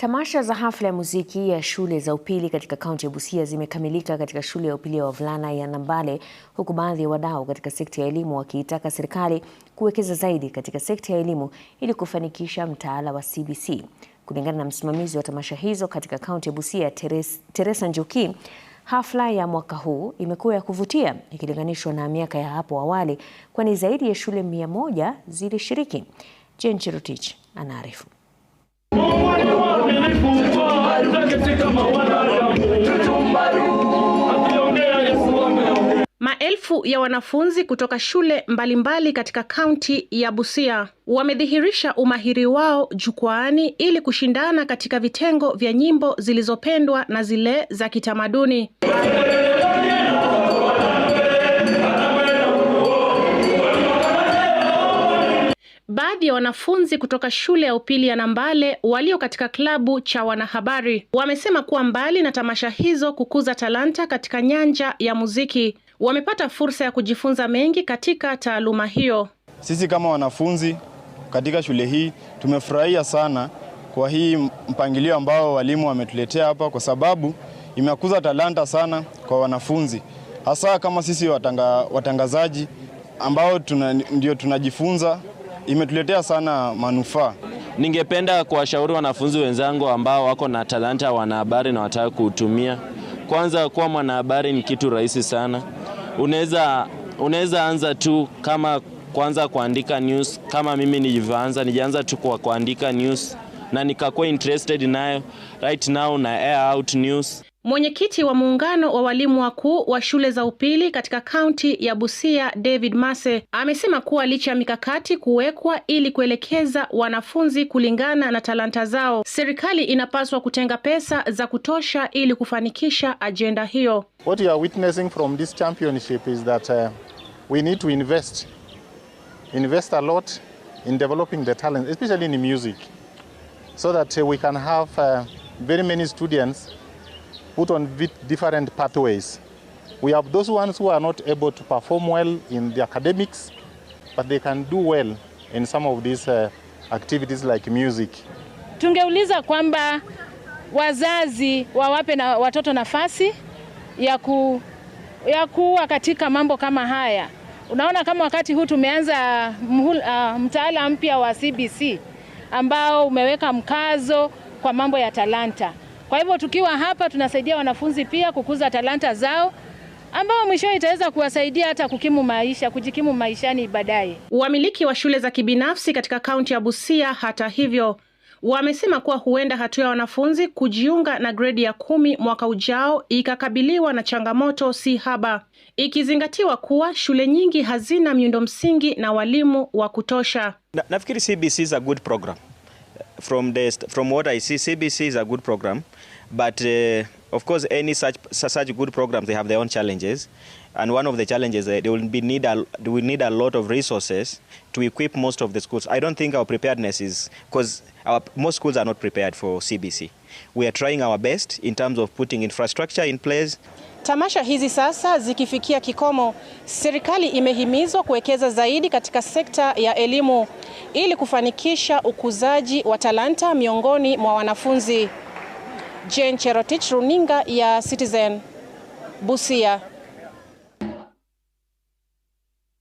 Tamasha za hafla ya muziki ya shule za upili katika kaunti ya Busia zimekamilika katika shule ya upili ya wavulana ya Nambale, huku baadhi ya wadau katika sekta ya elimu wakiitaka serikali kuwekeza zaidi katika sekta ya elimu ili kufanikisha mtaala wa CBC. Kulingana na msimamizi wa tamasha hizo katika kaunti ya Busia, Teresa, Teresa Njoki, hafla ya mwaka huu imekuwa ya kuvutia ikilinganishwa na miaka ya hapo awali, kwani zaidi ya shule mia moja zilishiriki. Jen Cherotich anaarifu. Maelfu ya wanafunzi kutoka shule mbalimbali mbali katika kaunti ya Busia wamedhihirisha umahiri wao jukwaani ili kushindana katika vitengo vya nyimbo zilizopendwa na zile za kitamaduni. Baadhi ya wanafunzi kutoka shule ya upili ya Nambale walio katika klabu cha wanahabari wamesema kuwa mbali na tamasha hizo kukuza talanta katika nyanja ya muziki, wamepata fursa ya kujifunza mengi katika taaluma hiyo. Sisi kama wanafunzi katika shule hii tumefurahia sana kwa hii mpangilio ambao walimu wametuletea hapa, kwa sababu imekuza talanta sana kwa wanafunzi, hasa kama sisi watanga, watangazaji ambao tuna, ndio tunajifunza. Imetuletea sana manufaa. Ningependa kuwashauri wanafunzi wenzangu ambao wako na talanta wanahabari na wataka kuutumia kwanza, kuwa mwanahabari ni kitu rahisi sana. Unaweza unaweza anza tu kama kwanza kuandika news, kama mimi nilivyoanza, nijaanza tu kwa kuandika news na nikakuwa interested nayo. Right now na air out news. Mwenyekiti wa muungano wa walimu wakuu wa shule za upili katika kaunti ya Busia, David Mase, amesema kuwa licha ya mikakati kuwekwa ili kuelekeza wanafunzi kulingana na talanta zao, serikali inapaswa kutenga pesa za kutosha ili kufanikisha ajenda hiyo. What you are witnessing from this championship is that uh, we need to invest invest a lot in developing the talent especially in music so that uh, we can have uh, very many students put on different pathways. We have those ones who are not able to perform well in the academics, but they can do well in some of these uh, activities like music. Tungeuliza kwamba wazazi wawape na watoto nafasi ya, ku, ya kuwa katika mambo kama haya. Unaona kama wakati huu tumeanza uh, mtaala mpya wa CBC ambao umeweka mkazo kwa mambo ya talanta. Kwa hivyo tukiwa hapa tunasaidia wanafunzi pia kukuza talanta zao ambao mwisho itaweza kuwasaidia hata kukimu maisha kujikimu maishani baadaye. Wamiliki wa shule za kibinafsi katika kaunti ya Busia, hata hivyo, wamesema kuwa huenda hatua ya wanafunzi kujiunga na gredi ya kumi mwaka ujao ikakabiliwa na changamoto si haba, ikizingatiwa kuwa shule nyingi hazina miundo msingi na walimu wa kutosha. Na, nafikiri CBC is a good program from the from what I see, CBC is a good program, but uh, of course, any such such good programs they have their own challenges, and one of the challenges uh, they will be need a we need a lot of resources to equip most of the schools. I don't think our preparedness is because our most schools are not prepared for CBC. We are trying our best in terms of putting infrastructure in place. Tamasha hizi sasa zikifikia kikomo, serikali imehimizwa kuwekeza zaidi katika sekta ya elimu ili kufanikisha ukuzaji wa talanta miongoni mwa wanafunzi. Jane Cherotich, Runinga ya Citizen, Busia.